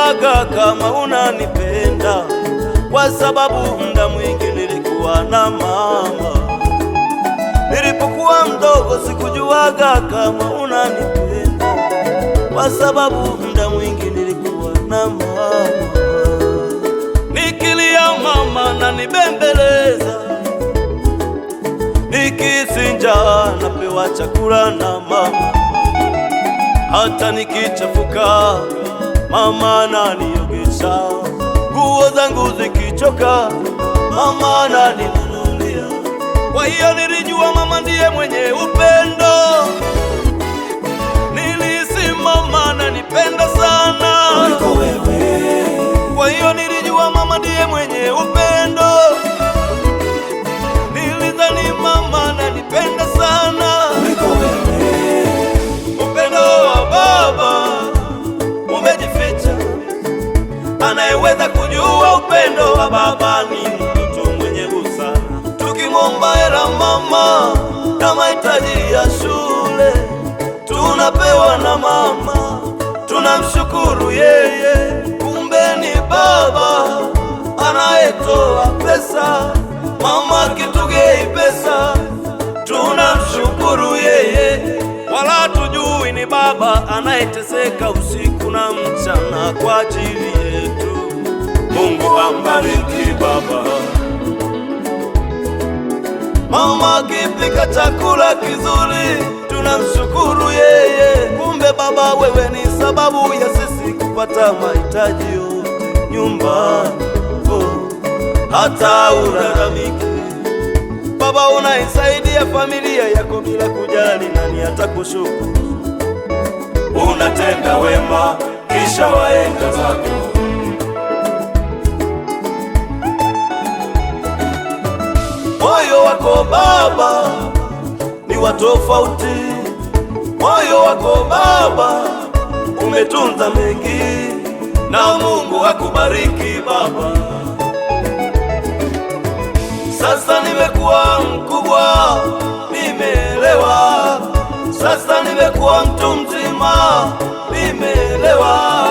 kuniaga kama unanipenda, kwa sababu muda mwingi nilikuwa na mama. Nilipokuwa mdogo sikujuaga kama unanipenda, kwa sababu muda mwingi nilikuwa na mama. Nikilia mama na nibembeleza, nikisinja napewa chakula na mama, hata nikichafuka mama naniogesha, nguo zangu zikichoka, mama naninunulia. Kwa hiyo nilijua mama ndiye mwenye upendo. kujua upendo wa baba ni mtoto mwenye busara. Tukimwomba hela mama na mahitaji ya shule tunapewa na mama, tunamshukuru yeye, kumbe ni baba anayetoa pesa. Mama kitugei pesa tunamshukuru yeye, wala tujui ni baba anayeteseka usiku na mchana kwa ajili mbariki Baba. Mama akipika chakula kizuri tunamshukuru yeye, kumbe Baba wewe ni sababu ya sisi kupata mahitaji yote nyumba. oh, hata ulalamiki Baba, unaisaidia familia yako bila kujali nani atakushukuru. Unatenda wema kisha waenda zako. moyo wako Baba ni wa tofauti, moyo wako Baba umetunza mengi, na Mungu akubariki Baba. Sasa nimekuwa mkubwa, nimeelewa. Sasa nimekuwa mtu mzima, nimeelewa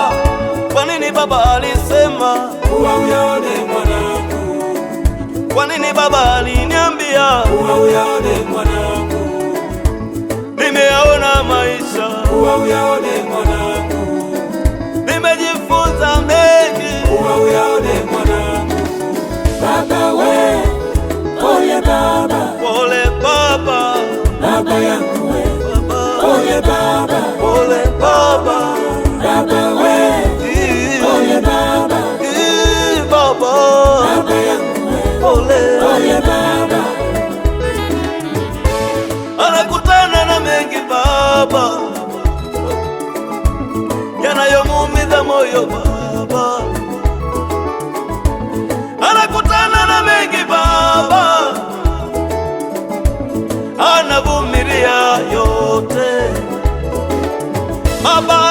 kwa nini Baba ali Kwa nini baba aliniambia uwe uyaone mwanangu? Nimeyaona maisha uwe uyaone mwanangu, nimejifunza pale Baba, anakutana na mengi Baba, yanayomuumiza moyo Baba, anakutana na mengi Baba, anavumilia yote Baba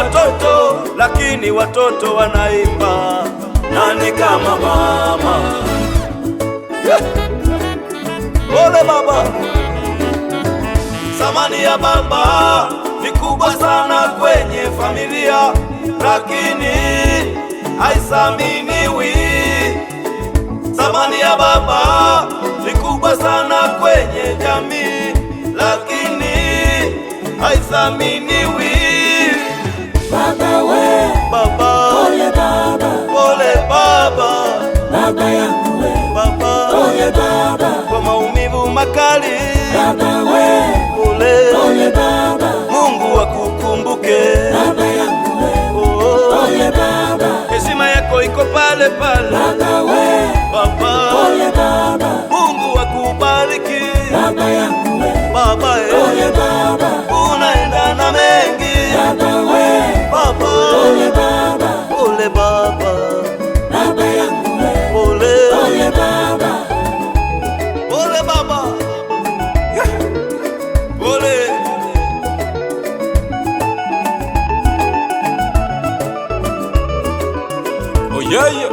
watoto lakini watoto wanaimba, nani kama mama? Yeah. Ole baba, samani ya baba ni kubwa sana kwenye familia, lakini haisaminiwi. Samani ya baba ni kubwa sana kwenye jamii, lakini haisaminiwi. world. Yeah, yeah.